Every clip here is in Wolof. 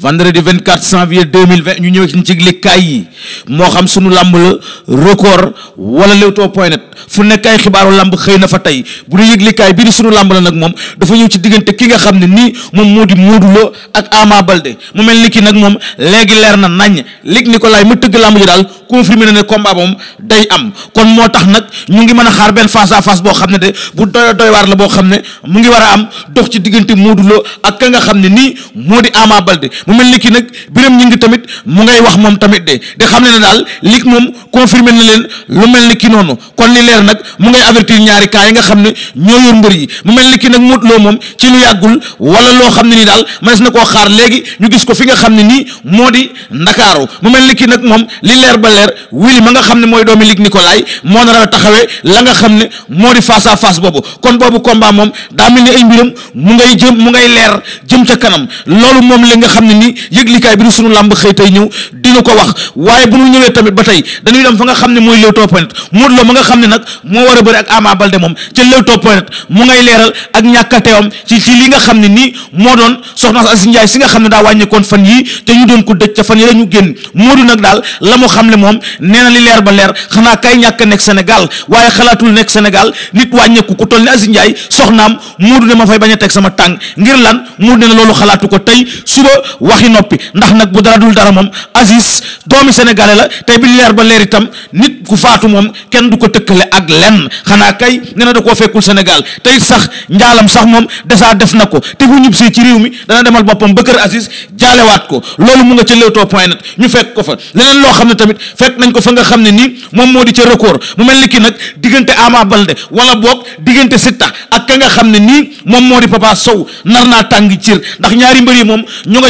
vendredi 24 janvier 2020 ñu ñëw ci ci likkaay yi moo xam sunu làmb la record wala Leewtoo point net fu nekk ay xibaaru làmb xëy na fa tey bu ñu yëg likkaay bii di sunu làmb la nag moom dafa ñëw ci diggante ki nga xam ne nii moom moo di Modou Lo ak Ama Baldé mu mel ni ki nag moom léegi leer na nañ lig Nicolas ma tëgg làmb ji daal confirmé na ne combat moom day am kon moo tax nag ñu ngi mën a xaar benn à face boo xam ne de bu doy doy waar la boo xam ne mu ngi war a am dox ci diggante Modou Lo ak ka nga xam ne nii moo di Ama Baldé mu mel ni ki nag biram ñi tamit mu ngay wax moom tamit de di xam ne ne daal lig moom confirmé na leen lu mel ni ki noonu kon li leer nag mu ngay avertir ñaari cas yi nga xam ne ñoo yor mbër yi mu mel ni kii nag Modou Lo moom ci lu yàggul wala loo xam ne nii daal mënees na koo xaar léegi ñu gis ko fi nga xam ne nii moo di ndakaaru mu mel ni ki nag moom li leer ba leer wili ma nga xam ne mooy doomi lig Nicolas moo nar a taxawe la nga xam ne moo di face à face boobu kon boobu combat moom daa mel ni ay mbiram mu ngay jëm mu ngay leer jëm ca kanam loolu moom li nga xam ne ni yëglikaay bi di sunu làmb xëy tey ñëw dina ko wax waaye bu ñu ñëwee tamit ba tey dañuy dem fa nga xam ne mooy Leewtoo point a mu ngay leeral ak ñàkkateewam ci li nga xam ne ni moo doon soxna Asi Njaay si nga xam ne daa wàññeekoon fan yii te ñu doon ko dëj ca fan yi ñu génn Modou nag daal la mu xam ne moom nee na li leer ba leer xanaa kay ñàkk nekk Sénégal waaye xalaatul nekk Sénégal nit wàññeeku ku toll ni Asi Njaay soxnaam Modou ne ma fay bañ a teg sama tàng ngir lan Modou ne na loolu xalaatu ko tey suba waxi noppi ndax nag bu dara dul dara moom Asi doomi sénégalais la tey bi leer ba leer itam nit ku faatu moom kenn du ko tëkkale ak lenn xanaa kay nee da koo fekkul sénégal tey sax njaalam sax moom desaa def na ko te bu ñibbisee ci réew mi dana demal boppam ba kër Aziz jaalewaat ko loolu mu nga ca leewtoo point net ñu fekk ko fa leneen loo xam ne tamit fekk nañ ko fa nga xam ne nii moom moo di ca record mu mel ni ki nag diggante Ama Baldé wala boog diggante Siteu ak ka nga xam ne nii moom moo di Papa Sow nar naa tàng cir ndax ñaari mbër yi moom ñu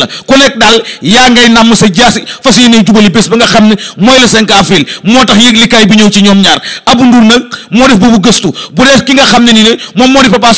la ku nekk daal yaa ngay nàmm sa jaasi fas yéene jubali bés ba nga xam ne mooy le 5 avril moo tax yëglikaay bi ñëw ci ñoom ñaar Abou Ndour nag moo def boobu gëstu bu dee ki nga xam ne ni ne moom moo nii a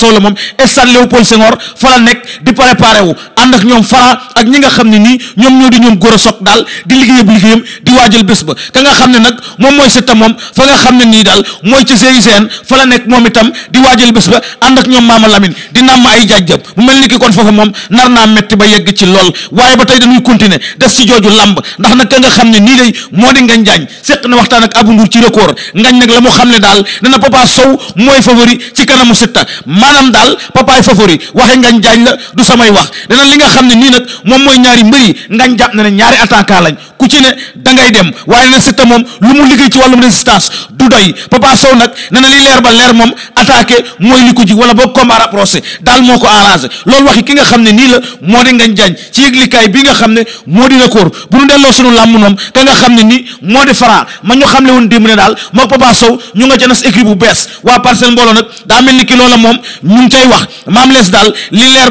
soog moom mooy setta moom fa nga xam ne nii daal mooy ci GIGN fa la nekk moom itam di waajal bés ba ànd ak ñoom Maama Lamine di nàmm ay jaajëf bu mel ni ki kon foofu moom nar naa metti ba yegg ci lool loolu waaye ba tey dañuy continuer des ci jooju lamb ndax na ka nga xam ne nii lay moo di ngañ jaañ seq na waxtaan ak Abou Ndour ci record ngañ nag la mu xam ne daal dana Papa Sow mooy favori ci kanamu Siteu maanaam daal papaay favori waxe ngañ jaañ la du samay wax dana li nga xam ne nii nag moom mooy ñaari mbër yi ngañ jàpp na ne ñaari attaquant lañ ku ci ne da ngay dem waaye nag Siteu moom lu mu liggéey ci wàllum résistance du doy Papa Sow nag nee na li leer ba leer moom attaqué mooy li ko ji wala boog combat rapproché daal moo ko arrangé lool waxi ki nga xam ne nii la moo di ngañ ci yëglikaay bi nga xam ne moo di record bu ñu delloo sunu làmb noom ka nga xam ne ni moo di fara ma ñu xam le woon démb ne daal moo Papa Sow ñu nga ca nas écrit bu bees waa parcelle mbooloo nag daa mel ni ki loola moom ñu ngi cay wax maam lees ba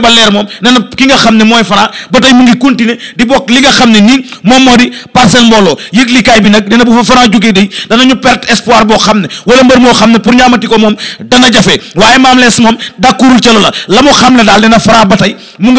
leer moom nee na ki nga xam ne mooy fara ba mu ngi continuer di li nga xam ne nii moom moo di parcelle mbooloo yëglikaay bi nag nee na bu fa fara jógee day danañu perte espoir boo xam ne wala mbër moo xam ne pour ñaamati ko moom dana jafe waaye maam lees moom d'accordul ca loola la mu xam ne daal dina fara ba tey mu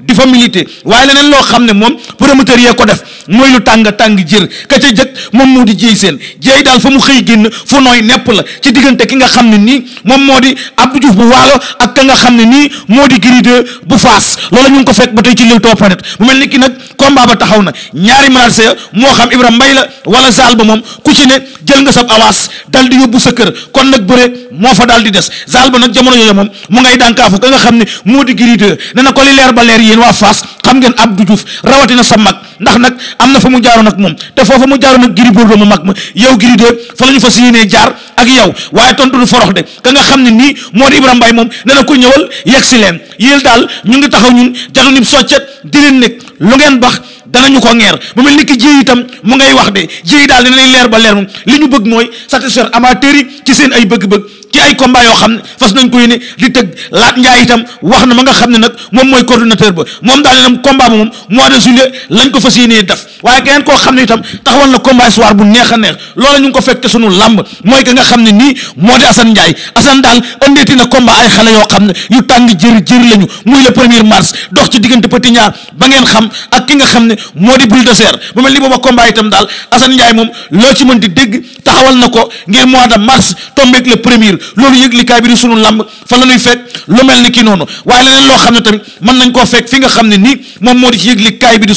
di fa milité waaye leneen loo xam ne moom pour promoteur yee ko def mooy nu tàng tàng jër ka ca jëkk moom moo di jéy seen jéy daal fa mu xëy génn fu nooy nepp la ci diggante ki nga xam ne nii moom moo di Abdou Diouf bu waalo ak ka nga xam ne nii moo di Gris bu faas loola ñu ko fekk ba tey ci Leewtoo Planète mu mel ni kii nag combat ba taxaw na ñaari manaat sa moo xam ibra Mbay la wala Saal ba moom ku ci ne jël nga sab avance dal di yóbbu sa kër kon nag bëre moo fa daal di des zaal ba nag jamono yooyu moom mu ngay dànkaafu ka nga xam ne moo di Gris 2 ne na ko li leer ba leer yéen waa Fass xam ngeen Abdou Diouf rawatina sa mag ndax nag am na fa mu jaaroon ak moom te foofa mu jaaroon ak Gris Bordeaux mu mag ma yow Gris 2 fa la ñu fas yéenee jaar ak yow waaye ton du forox de ka nga xam ne nii moo di Ibrahima Mbaye moom ne na ko ñëwal yegg si leen yéen daal ñu ngi taxaw ñun jatu nib soccet di leen nekk lu ngeen bax dana ñu ko ngeer mu mel ni ki jéey itam mu ngay wax de jéey daal dina leen leer ba leer moom li ñu bëgg mooy satisfaire amateurs yi ci seen ay bëgg-bëgg ci ay combat yoo xam ne fas nañ ko yéene di tëgg laat njaay itam wax na ma nga xam ne nag moom mooy coordonnateur ba moom daal nenam combat ba moom mois de juillet ko fas yéene def waaye keneen koo xam ne itam taxawal na combat soir bu neex neex loola ñu ngi ko fekk sunu làmb mooy que nga xam ne nii moo di Assane Ndiaye Assane daal ëndeeti na combat ay xale yoo xam ne yu tàng jër jër lañu muy le premier mars dox ci diggante Petit Ñaar ba ngeen xam ak ki nga xam ne moo di bulle de serre bu mel ni booba combat itam daal Assane Ndiaye moom loo ci mën di dégg taxawal na ko ngir mois de mars tombeek le premier loolu yëg li bi di sunu lamb fa la ñuy fekk mel ni kii noonu waaye leneen loo xam ne tamit mën nañ koo fekk fi nga xam ne nii moom moo di ci yëg li kaay bi di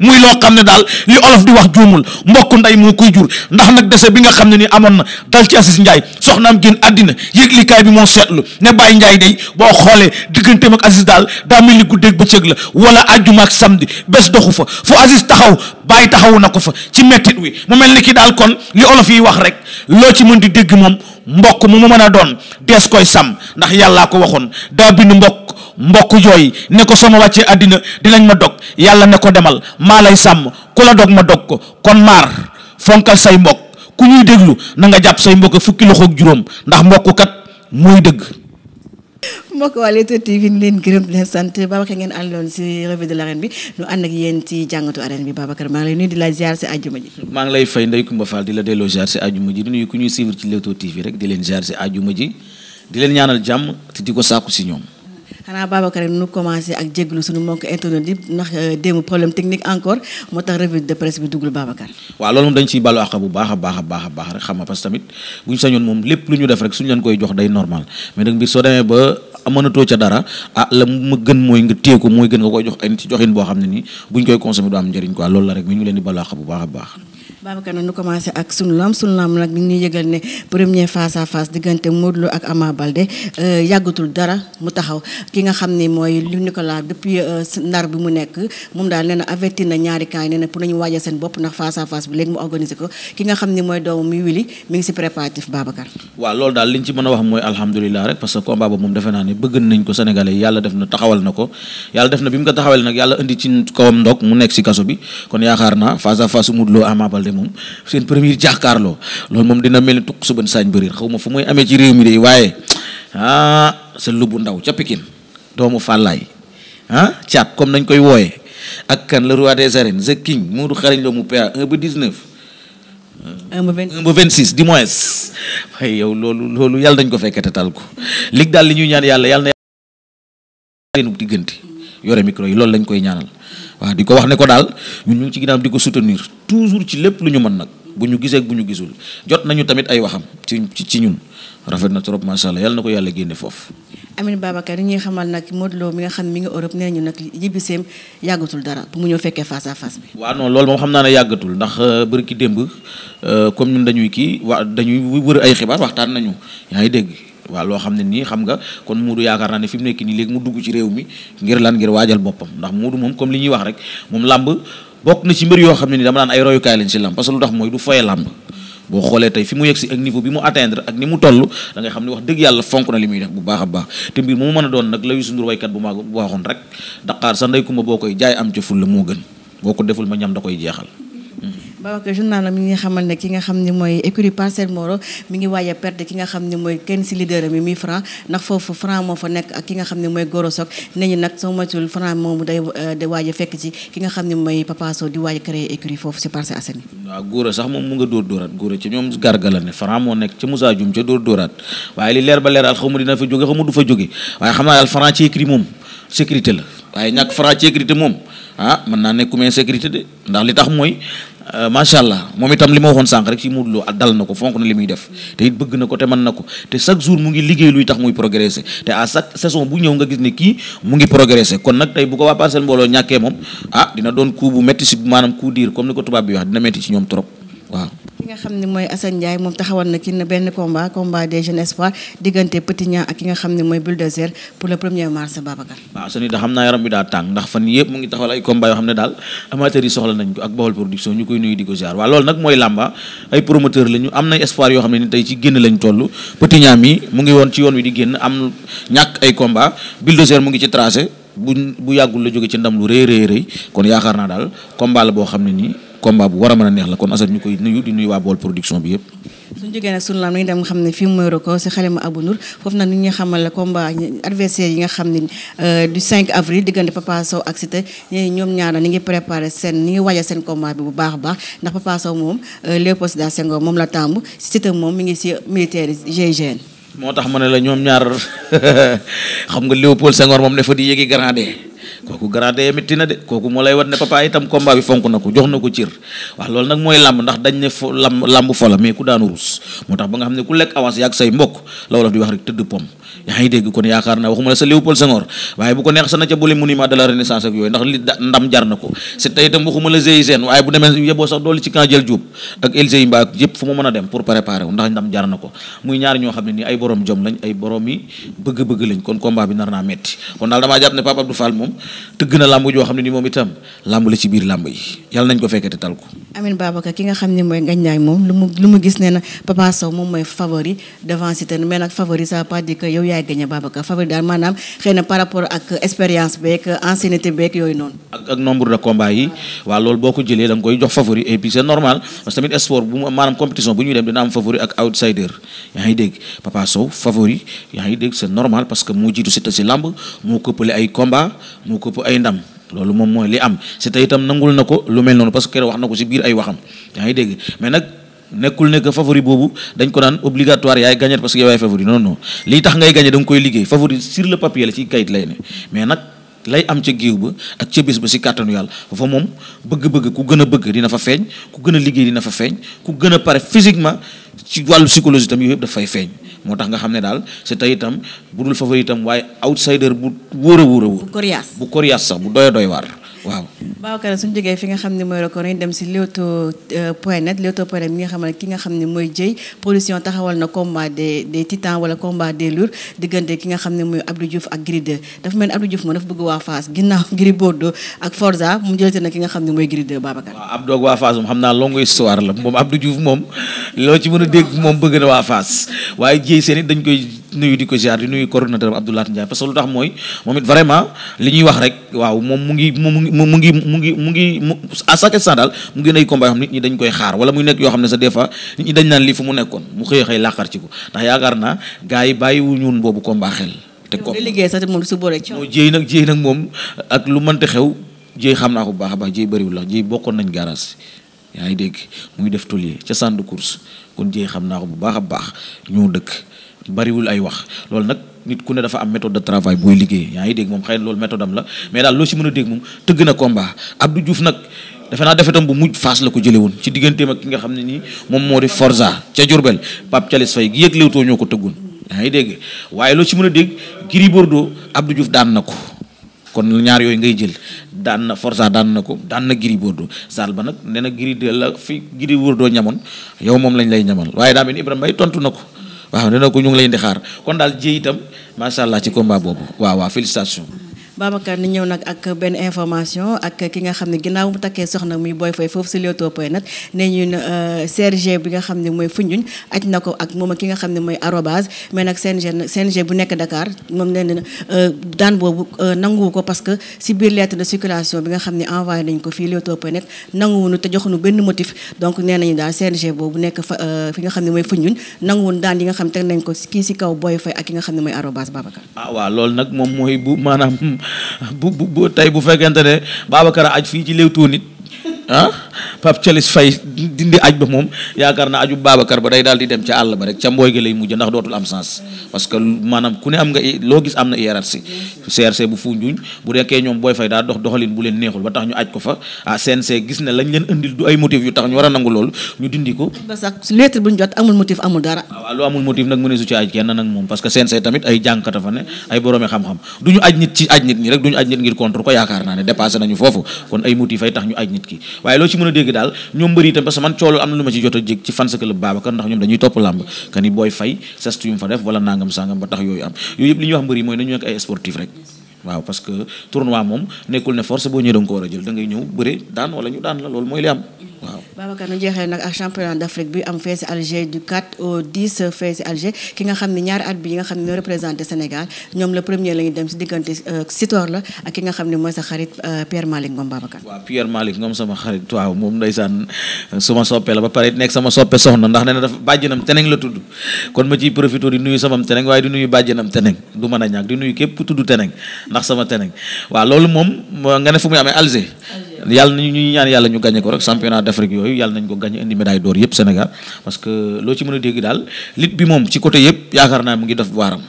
muy loo xam ne daal li olof di wax juumul mbokk nday moo koy jur ndax nag dese bi nga xam ne ni amoon na dal ci Aziz Ndiaye soxnaam génn àddina yëg li kaay bi moo seetlu ne Baye Ndiaye day boo xoolee digganteem ak Aziz daal daa mel ni guddeeg bëccëg la wala àjjuma ak samedi bés doxu taxawu fa fu Aziz taxaw bàyyi taxawu na ko fa ci mettit wi mu mel ni kii daal kon li olof yi wax rek loo ci mën di dégg moom mbokk mu mu mën a doon dees koy sàmm ndax yàllaa ko waxoon daa bind mbokk mbokk jooy ne ko sama wàccee àddina dinañ ma dog yàlla ne ko demal maa lay sàmm ku la dog ma dog ko kon maar fonkal say mbokk ku ñuy déglu na nga jàpp say mbokk fukki loxoog juróom ndax mbokk kat mooy dëgg mbokk waa Leewtoo TV ñu leen gërëm leen sant Babacar ngeen àndaloon si revue de l'arène bi ñu ànd ak yéen ci jàngatu arène bi Babacar maa ngi lay nuyu di la moo tax revue de presse bi duggul Babacar waaw loolu moom dañ ciy bàllu àq bu baax a baax a baax a baax rek xam nga parce que tamit bu ñu sañoon moom lépp lu ñu def rek suñu leen koy jox day normal mais nag mbir soo demee ba mënatoo ca dara a ah, la ma gën mooy nga téye ko mooy gën nga koy jox ay nit ci joxin boo xam ne nii buñ koy consommer du am njëriñ quoi loolu la rek mi ñu leen di balaax bu baax a baax Babacar nag ñu commencé ak sunu lam nag ñu ngi yëgal ne premier face à face diggante Modou Lo ak Ama Balde euh, yàggatul dara mu taxaw ki nga xam ni mooy Luc Nicolaï depuis euh, bi mu nekk moom daal nee na averti na na mu ngi si préparatif Babacar. waaw loolu daal li ñu ci mën a wax mooy alhamdulilah rek parce que combat boobu moom defe naa ne bëgg nañ ko Sénégalais yàlla def na taxawal na ko yàlla def na bi mu ko taxawalee nag yàlla indi ci kawam ndog mu nekk si kaso bi kon yaakaar naa face à moom seen premier jàkkaarloo loolu moom dina mel ni tukk suban saañ bëriir xaw ma fu muy amee ci réew mi de waaye ah sa lubu ndaw ca Pikine doomu fàllaay ah caat comme nañ koy wooye ak kan le roi des arènes the moo Modou xarañ loo mu PA ba 19 1 ba 26 1 ba 26 du moins waaye yow loolu loolu yàlla nañ ko fekkete tal ko lig daal li ñuy ñaan yàlla yàlla na yàlla yore micro yi loolu lañ koy ñaanal waaw di ko wax ne ko daal ñun ñu ngi ci ginnaaw di ko soutenir toujours ci lépp lu ñu mën nag bu ñu gisee bu ñu gisul jot nañu tamit ay waxam ci ci ñun rafet na trop macha allah yàlla na ko yàlla génne foofu. Amin yi ñuy xamal nag Modou Lo mi nga xam mi nga Europe nee ñu nag yibbiseem yàggatul dara mu ñëw fekkee face à face bi. waaw loolu moom xam naa ne yàggatul ndax euh, ki démb euh, comme ñun dañuy kii wa dañuy wër ay xibaar waxtaan nañu yaa ngi dégg. waaw loo xam ne nii xam nga kon Moodu yaakaar naa ne fi nekk nii léegi mu dugg ci réew mi ngir lan ngir waajal boppam ndax Moodu moom comme li ñuy wax rek moom làmb bokk na ci yoo xam ne ni dama naan ay royukaay lañ ci làmb parce que lu tax mooy du foye làmb boo xoolee tey fi mu yegg si ak niveau bi mu atteindre ak ni mu toll da ngay xam ne wax dëgg yàlla fonk na li muy def bu baax a baax te mbir mu mën a doon nag la Youssou Ndour waykat bu maag bu waxoon rek daqaar sa ndey kumba boo koy jaay am ca fulla moo gën boo ko deful ma ñam da koy jeexal Babacar journal mi ngi xamal ne ki nga xam ni mooy écurie Parcelles Moro mi ki nga xam ni mooy kenn si leader mi muy Franc ndax foofu ak ki nga xam ne mooy Goro Sock ne ñu nag soo moytul Franc moomu euh, fekk ci ki nga xam ne mooy Papa Sow di a créer écurie foofu si Parcelles Assainies waaw Goro sax moom mu nga dóor dóoraat moo nekk ca Moussa Dioum ca dóor dóoraat waaye li leer ba leeral xaw ma dina fa jóge xaw ma du fa jóge waaye xam naa daal Franc ci la waaye ñàkk Franc ci sécurité moom ah mën naa nekku mais sécurité de ndax li tax mooy Euh, macha allah moom itam li ma waxoon sànq rek ci Modou Lo dal na ko fonk na li muy def te it bëgg na ko te mën na ko te chaque jour mu ngi liggéey luy tax muy progresser te à chaque saison bu ñëw nga gis ne kii mu ngi progresser kon nag tey bu ko waa parcelle mbooloo ñàkkee moom ah dina doon ku bu métti si maanaam coup dur comme ni ko tubaab bi wax dina métti ci ñoom trop waaw ki nga xam ne mooy Assane Ndiaye moom taxawal na ci benn combat combat des jeunes ki nga xam ne mooy Bulldozer pour le premier mars Babacar waaw Assane xam naa yaram bi daa tàng ndax fan yëpp mu ngi ay combat yoo xam ne daal amateurs yi soxla nañ ko ko ziar waaw loolu nag mooy làmba ay promoteur lañu am nañ espoir yoo xam ne tey ci génn lañ toll Petit Niang mi mu ngi woon ci yoon wi di génn am ñàkk ay combat Bulldozer mu ngi ci tracé bu bu yàggul la jóge ci ndam lu rëy rëy kon yaakaar naa daal combat la boo xam ne nii combat bu war a mën a neex la kon Assane ñu koy nuyu di nuyu waa bool production bi yëpp suñu jógee nag suñu laam nañ dem nga xam ne fii mooy roko si xalima Abou Nour foofu nag ni euh, ngi préparé seen ni bi bu baax a baax ndax Papa Sow moom euh, Léopold Sédar Senghor moom la tàmb Siteu moom mi ngi si militaire GIGN moo tax ma ne la ñoom ñaar xam nga Léopold Senghor moom dafa di yéegi grandé kooku garaatee métti na de kooku moo lay wat ne papa itam combat bi fonk na ko jox na ko cir waaw loolu nag mooy làmb ndax dañ ne fo làmb làmb fo ku daanu ruus moo tax ba nga xam ne ku lekk avance ak say mbokk la wolof di wax rek tëdd pom yaa ngi dégg kon yaakaar naa waxuma la sa Léopold Senghor waaye bu ko neex sa na ca boole monument de la renaissance ak yooyu ndax li ndam jar na ko si itam waxuma la GIGN waaye bu demee yeboo sax doolu ci camp Jël ak Elzey a yi bëgg bi nar naa metti kon daal damaa jàpp ne Pape Abdou moom tëgg nga xam moom lu mu gis ne na Papa Sow moom mooy favori devant Siteu mais favori ça pas yow yaay gagné Babacar favori daal maanaam xëy par rapport ak expérience beeg ancienneté beeg yooyu noonu. ak ak nombre de yi waaw loolu boo ko jëlee da nga koy jox favori et puis c'est normal parce que tamit sport que moo jiitu si te si làmb moo këppale ay combat moo këpp ay ndam. loolu moom mooy li am c'est itam nangul na ko lu mel noonu parce que keroog wax na ko ci biir ay waxam yaa dégg mais nag nekkul ne que favori boobu dañ ko daan obligatoire yaay gagné parce que yow yaay favori non non lii tax ngay gagné danga koy liggéey favori sur le papier la ci kayit lay ne mais nag lay am ca géew ba ak ca bés ba si kàttanu yàlla fa moom bëgg-bëgg ku gën a bëgg dina fa feeñ ku gën a liggéey dina fa ku gën a pare physiquement ci wàllu psychologie itam yooyu yëpp dafay feeñ moo tax nga xam ne daal c'est tey itam bu dul favori itam waaye outsider bu wóor a wóor bu coriace sax bu doy a doy waar waaw Babacar suñu jógee fi nga xam ne mooy record yi dem si Leewtoo euh, point net Leewtoo point net mi nga xam ne ki nga xam ne mooy jëy production taxawal na combat des des titans wala combat des lourds diggante ki nga xam ne mooy Abdou Diouf ak Gris 2 dafa mel ni Abdou Diouf moom dafa bëgg waa Fass ginnaaw Gris Bordeaux ak Forza mu jëlate na ki nga xam ne mooy Gris 2 Babacar waaw Abdou ak waa Fass moom xam naa longue histoire la moom loo ci mën a dégg moom bëgg na waa Fass waaye jëy seen it dañ koy nuyu di ko ziar nuyu coordonnateur bi Abdoulaye Ndiaye parce que lu tax mooy moom it li ñuy wax rek waaw moom mu ngi mu ngi mu ngi mu ngi mu ngi mu à chaque instant ngi nay combat yoo nit ñi dañ koy xaar wala mu nekk yoo xam ne sa des fois nit ñi dañ naan lii fu mu nekkoon mu xëy xëy laaxar ci ko ndax yaakaar naa gars yi bàyyiwu ñun boobu combat xel te ko liggéey sax moom su boole ci jéy nag jéy nag moom ak lu mënti xew jéy xam naa ko bu baax a baax jéy bëriwul la jéy bokkoon nañ garage yaa ngi dégg muy def tolier ca centre de course kon jéy xam naa ko bu baax a baax ñoo dëkk bariwul ay wax loolu nag nit ku ne dafa am méthode de travail booy liggéey yaa ngi dégg moom xëy na loolu méthode am la mais daal loo si mën a dégg moom tëgg na combat Abdou Diouf nag defe naa faas la ko jëlee woon ci digganteem ak ki nga xam ne nii moom moo di Forza ca Diourbel Pape Thialis Faye gi yëg Leewtoo ñoo ko tëggoon yaa ngi dégg waaye loo si mën a dégg Gris Bordeaux Abdou Diouf daan na ko kon ñaar yooyu ngay jël daan na Forza daan na ko daan na Gris Bordeaux sal ba nag nee na Gris de la fi Gris Bordeaux ñamoon yow moom lañ lay ñamal waaye daa mel ni Ibrahima tontu na ko waaw nee na ko ñu ngi lay indi xaar kon daal ji itam macha allah ci combat boobu waaw waaw Babacar ni ñëw nag ak benn information ak ki nga xam ne ginnaaw mu takkee soxna muy booy Faye foofu si Leewtoo point net ne ñun euh, CNG bi nga xam ne mooy Foundiougne aj na ko ak moom ki nga xam ne mooy arobase mais nag CNG CNG bu nekk Dakar moom nee na euh, daan boobu euh, nanguwu ko parce si biir lettre de circulation bi nga xam ne envoyé nañ ko fii Leewtoo point net nanguwunu te joxunu benn motif donc nee nañu daal CNG boobu nekk fa fi xam ne mooy Foundiougne nanguwun daan yi nga xam teg nañ ko kii si kaw booy Faye ak ki nga xam ne mooy arobase Babacar ah waaw loolu nag moom mooy bu maanaam bu bu tey bu fekkente ne Babacar aj fii ci Leewtoo nit ah Pape Thialis Faye dindi aj ba moom yaakaar naa aju Babacar ba day daal dem ca àll ba rek ca mbooy gi lay mujj ndax dootul am sens parce que maanaam ku ne am nga loo gis am bu Foundiougne bu dekkee ñoom Boy Faye daa dox doxalin bu leen neexul ba tax ñu aj ah, ne lañ leen indil du ay motif yu tax ñu war a nangu loolu ñu dindi ko ba sax lettre bu ñu jot amul motif amul dara ko yaakaar naa ne dépassé nañu foofu kon ay motif ay tax ñu aj nit ki waaye loo ci mën a dégg daal ñoom mbëri itam parce am na lu ma ci jot a jég ci fans club Babacar ndax ñoom dañuy topp làmb kan ni booy fay sestu fa def wala nangam sangam ba tax yooyu am yooyu yëpp li ñuy wax mbëri mooy nañu nekk ay sportif rek waaw parce que tournoi moom nekkul ne force boo ñëwee da nga ko war ñëw bëre daan wala ñu daan la loolu mooy li am waaw. Babacar ñu jeexee nag ak championnat d'Afrique bi am fee si Alger du 4 au 10 fee si Alger ki nga xam ne ñaari at bi yi nga xam ne ñoo représenté Sénégal ñoom la premier la ñu dem si diggante euh, Sitor la ak ki nga xam ne mooy sa xarit euh, Pierre Malick Ngom Babacar. waaw Pierre Malick Ngom sama xarit waaw moom saan euh, su ma soppee la ba pare nekk sama soppee soxna ndax nee na dafa bàjjanam teneng la tudd kon ma ciy profité di nuyu samam teneng waaye di nuyu bàjjanam teneng du mën a ñàkk di nuyu képp tudd teneng ndax sama teneen waaw loolu moom nga ne fu muy amee Alger yàlla nañu ñuy ñaan yàlla ñu gagné ko rek championnat d'Afrique yooyu yàlla nañ ko gagné indi médaille d'or yëpp Sénégal parce que loo ci mën a dégg daal lit bi moom ci côté yëpp yaakaar naa mu ngi def waaram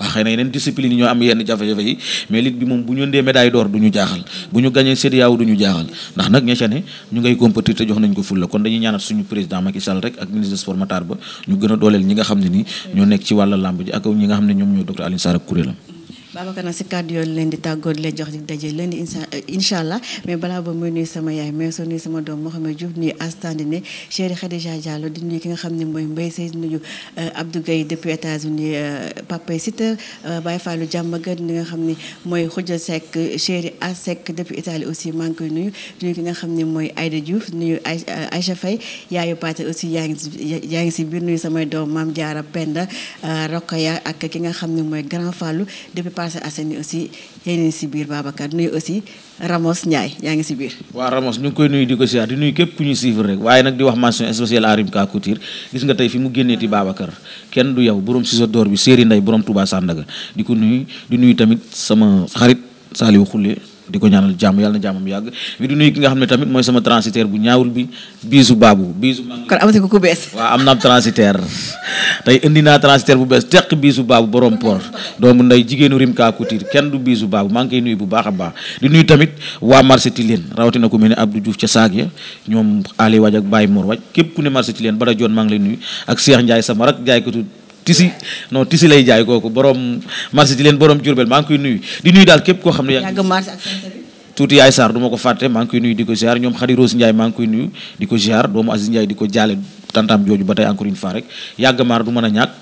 waa xëy na yeneen discipline yi ñoo am yenn jafe-jafe yi mais lit bi moom bu ñu ndee médaille d'or du ñu jaaxal bu ñu gagné CEDEAO du ñu jaaxal ndax nag ña ca ñu ngay compétir te jox nañ ko fulla kon dañuy ñaanat suñu président Macky Sall rek ak ministre de sport Matar Ba a dooleel ñi nga xam ne Babacar na si kàddu yoon leen di tàggoo di leen jox di daje leen euh, mais balaa ba muy nuyu yaay mais soo nuyu sama doom Mouhamed Diouf nuyu Astandi ne chéri Khadija ki nga xam ne mooy Mbaye Sey nuyu euh, Abdou Gueye depuis États-Unis euh, Papa Sita Baye Fallou Diamaga nga xam ne mooy Khoudia Seck chéri Asek depuis Italie aussi manque ngi koy nuyu ki nga xam ne mooy Aïda Diouf nuyu Aïcha Faye yaayu Paate aussi yaa ngi si yaa ngi biir nuyu samay doom maam Diarra Penda Rokhaya ak ki nga xam ne mooy Grand Fallou depuis Parcelles Assainies aussi yéen ngi si biir Babacar nuyu aussi Ramos Ndiaye yaa ngi si biir waaw Ramos ñu ngi koy nuyu di ko siyaar di nuyu képp ñu suivre rek waaye nag di wax mention spéciale à Rimka Couture gis nga tey fi mu génnee ti Babacar kenn du yow si sa d'Or bi séeri nday borom Touba Sandaga di ko nuyu di nuyu tamit sama xarit Saliou Khoule di ko ñaanal jàmm yàlla na jàmmam yàgg bi du nuyu ki nga xam ne tamit mooy sama transitaire bu ñaawul bi biisu baabu biisu kon amati ko ku bees indi naa transitaire bu bees teq biisu baabu borom port doomu nday jigéenu Rimka Couture kenn du biisu baabu maa ngi koy nuyu bu baax a baax di nuyu tamit waa marché Tilène rawatina ku mel ne Abdou Diouf ca saag ya ñoom Ali Waj ak Baye Mor Waj képp ku ne marché Tilène ba joon maa ngi lay nuyu ak Cheikh Ndiaye sama rak jaaykatu tisi non tisi lay jaay kooku borom marché di leen borom Jurbel maa ngi koy nuyu di nuyu daal képp koo xam ne yaa tuuti yaay Sarr du ma ko fàtte maa ngi koy nuyu di ko ziar ñoom Khady Rose Ndiaye maa di ko ziar doomu Aziz Ndiaye di ko jaale tantam jooju ba tey encore une fois rek yàgg maar du mën a ñàkk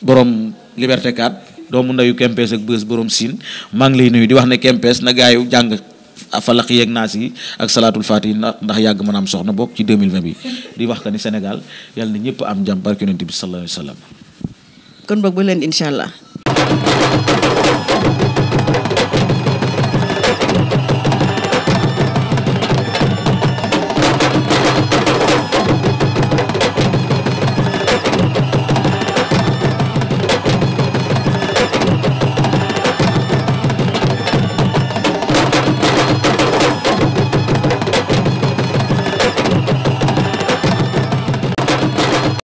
borom Liberté 4 doomu ndeyu Kempes ak bës boroom Sine maa ngi lay nuyu di wax ne Kempes na gaayu jàng falaq yeeg naas yi ak salaatul faati ndax yàgg mën a am soxna bokk ci 2020 bi di wax que ni Sénégal yàlla na ñëpp am jàmm barke yonent bi kon boog ba incha allah.